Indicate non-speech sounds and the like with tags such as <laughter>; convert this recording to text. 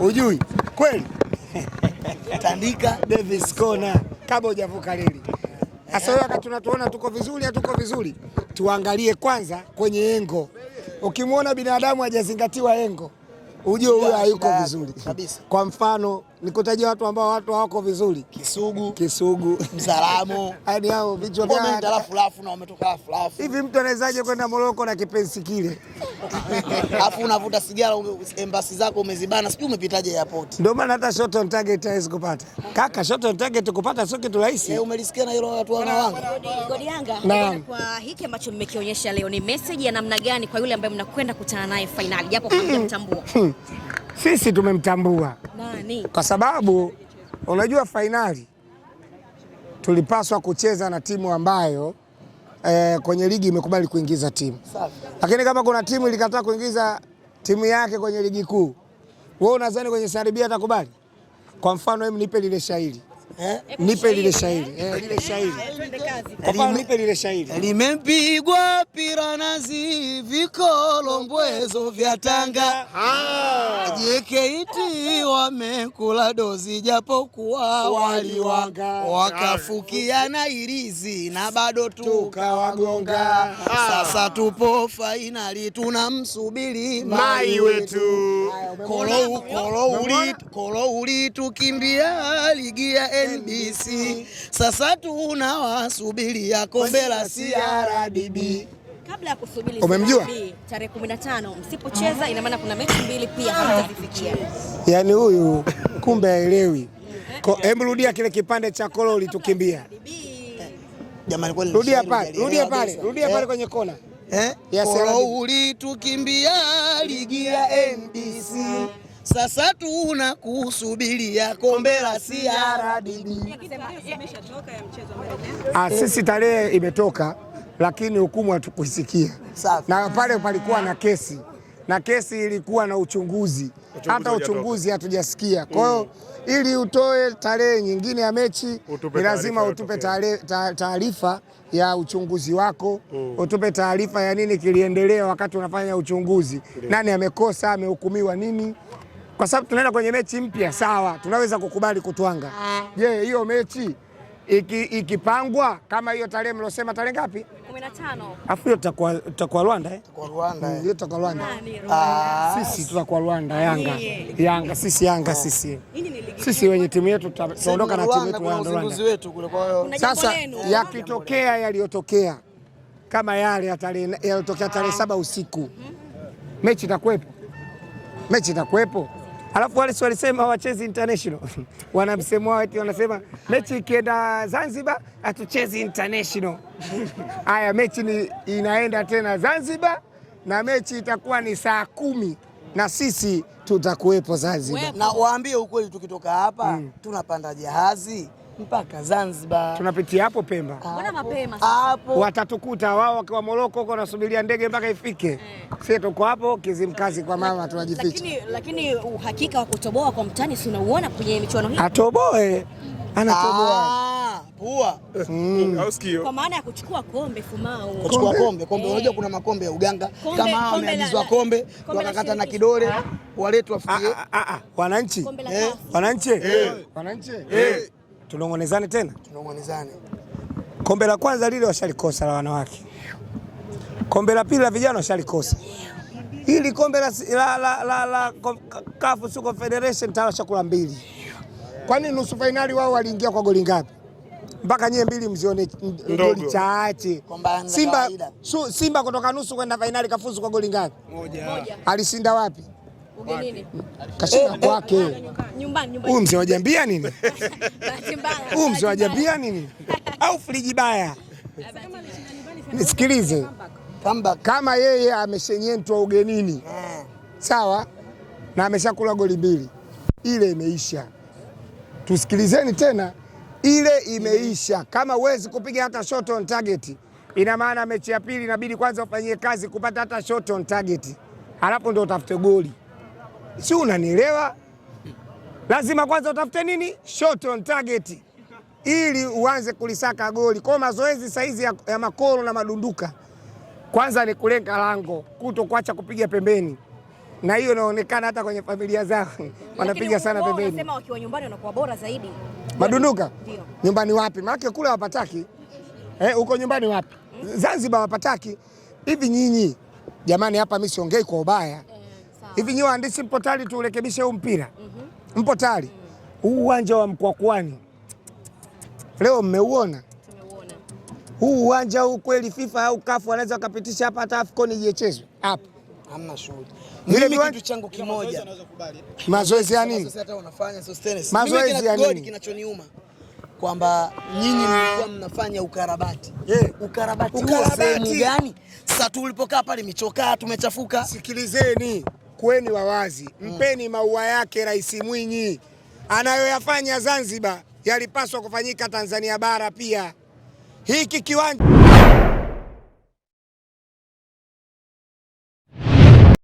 Ujui kweli? <laughs> Tandika Davis Kona kabla hujavuka reli. Sasa wakati tunatuona tuko vizuri, hatuko vizuri, tuangalie kwanza kwenye engo. Ukimwona binadamu hajazingatiwa engo, ujue huyo hayuko vizuri kabisa. Kwa mfano nikutaje watu ambao watu wako vizuri, Kisugu, Kisugu, Msalamu, <laughs> yani hao vichwa vya mimi ndalafu alafu na umetoka alafu alafu hivi, mtu anawezaje kwenda Moroko na kipensi kile? <laughs> Alafu unavuta sigara, embassy zako umezibana, sijui umepitaje airport. Ndio maana hata shot on target haiwezi kupata kaka, shot on target kupata sio kitu rahisi. Eh, umelisikia na hilo watu wana wangu godi Yanga. Kwa hiki ambacho mmekionyesha leo, ni message ya namna gani kwa yule ambaye mnakwenda kutana naye finali, japo hamjamtambua hmm. Sisi tumemtambua nani? Kwa sababu unajua fainali tulipaswa kucheza na timu ambayo eh, kwenye ligi imekubali kuingiza timu, lakini kama kuna timu ilikataa kuingiza timu yake kwenye ligi kuu, wewe unadhani kwenye saribia atakubali? Kwa mfano, hebu nipe lile shairi Eh? Nipe lile shairi, eh? eh, lile shairi. Nipe lile shairi. Limempigwa piranazi vikolombwezo vya Tanga. Ah. JKT wamekula dozi japokuwa waliwanga. na irizi na bado tukawagonga. Ah. Sasa tupo fainali tunamsubiri mai wetu. Kolo uli tukimbia ligi ya NBC. Sasa tunawasubiria kombe la CRDB. Kabla ya kusubiri umemjua tarehe 15 msipocheza, ina maana kuna mechi mbili pia hamtazifikia. Yaani huyu kumbe haelewi. Hebu rudia kile kipande cha kolo ulitukimbia. Jamani, kwani rudia pale, rudia pale, rudia eh? pale kwenye kona eh, ulitukimbia ligi ya NBC sasa tuna kusubiria kombe la CRDB. Ah, sisi tarehe imetoka, lakini hukumu hatukuisikia, na pale palikuwa na kesi na kesi ilikuwa na uchunguzi, hata uchunguzi hatujasikia. Kwa hiyo mm, ili utoe tarehe nyingine ya mechi ni lazima utupe taarifa ya uchunguzi wako mm, utupe taarifa ya nini kiliendelea wakati unafanya uchunguzi, nani amekosa, amehukumiwa nini, kwa sababu tunaenda kwenye mechi mpya, sawa, tunaweza kukubali kutwanga. Je, yeah, hiyo mechi iki, ikipangwa kama hiyo tarehe mlosema, tarehe ngapi? 15. Afu hiyo tutakuwa Rwanda eh? Tutakuwa Rwanda. Eh. Hiyo tutakuwa Rwanda. Ah. Sisi tutakuwa Rwanda Yanga. Yeah. Yanga sisi Yanga ah. sisi. Sisi wenye timu yetu tutaondoka na timu yetu Rwanda. Uzinduzi wetu kule kwa hiyo. Sasa yakitokea yaliyotokea kama yale yaliyotokea tarehe ah. saba usiku. Mechi itakuwepo. Mechi itakuwepo. Alafu wale walisema wachezi international. <laughs> Wana msemo wao eti wanasema mechi ikienda Zanzibar hatuchezi international. <laughs> Haya mechi ni inaenda tena Zanzibar na mechi itakuwa ni saa kumi na sisi tutakuwepo Zanzibar. Na waambie ukweli tukitoka hapa mm. tunapanda jahazi mpaka Zanzibar, tunapitia hapo Pemba hapo. Watatukuta wao wakiwa Moroko huko, wanasubiria ndege mpaka ifike eh. Sisi tuko hapo Kizimkazi kwa mama tunajificha, lakini, lakini uhakika wa kutoboa kwa mtani si unauona kwenye michuano hii, atoboe anatoboa ah, pua mm. au sikio, kwa maana ya kuchukua kombe fumao, kuchukua kombe kombe. Eh. Unajua hey. kuna makombe ya Uganga kombe, kama hao wameagizwa kombe wakakata na kidole ah. waletwa, ah, wananchi wananchi eh. wananchi eh. Tunong'onezane tena, tunong'onezane. Kombe la kwanza lile washalikosa la wanawake, kombe la pili la vijana washalikosa, hili kombe la, la, la, la, la Kafu Suko Federation tayari chakula mbili. Kwani nusu fainali wao waliingia kwa goli ngapi? mpaka nyie mbili mzione goli chache. Simba, Simba kutoka nusu kwenda fainali kafuzu kwa goli ngapi? Moja. Alishinda wapi? Kashinda eh, eh, kwake huyu mzee wajambia nini? <laughs> Huyu mzee wajambia nini? <laughs> au friji baya? Nisikilize, kama yeye ameshenyentwa ugenini sawa, na ameshakula goli mbili, ile imeisha. Tusikilizeni tena, ile imeisha. Kama huwezi kupiga hata shot on target, ina maana mechi ya pili inabidi kwanza ufanyie kazi kupata hata shot on target, halafu ndo utafute goli si unanielewa? Lazima kwanza utafute nini shot on target ili uanze kulisaka goli. Kwa mazoezi saizi ya, ya makoro na madunduka kwanza ni kulenga lango, kuto kuacha kupiga pembeni, na hiyo inaonekana hata kwenye familia zao wanapiga sana pembeni. Unasema wakiwa nyumbani wanakuwa bora zaidi. Madunduka nyumbani wapi? Maana kule wapataki eh, huko nyumbani wapi? Hmm? Zanzibar wapataki hivi nyinyi jamani. Hapa mimi siongei kwa ubaya hivi nyiwe waandishi mpo tayari tuurekebishe huu mpira? Mhm. Mpo tayari? Mhm. Huu uwanja wa Mkwakwani leo mmeuona huu uwanja huu kweli, FIFA au kafu wanaweza wakapitisha hapa hata AFCON ichezwe hapa? Hamna shughuli. Mimi kitu changu kimoja, mazoezi ya nini? Hata wanafanya mazoezi ya nini? Kinachoniuma kwamba nyinyi mlikuwa mnafanya ukarabati, ukarabati sehemu gani? Sasa tulipokaa pale michokaa, tumechafuka. Sikilizeni kuweni wawazi, mm. mpeni maua yake Rais Mwinyi. Anayoyafanya Zanzibar yalipaswa kufanyika Tanzania bara pia. Hiki kiwanja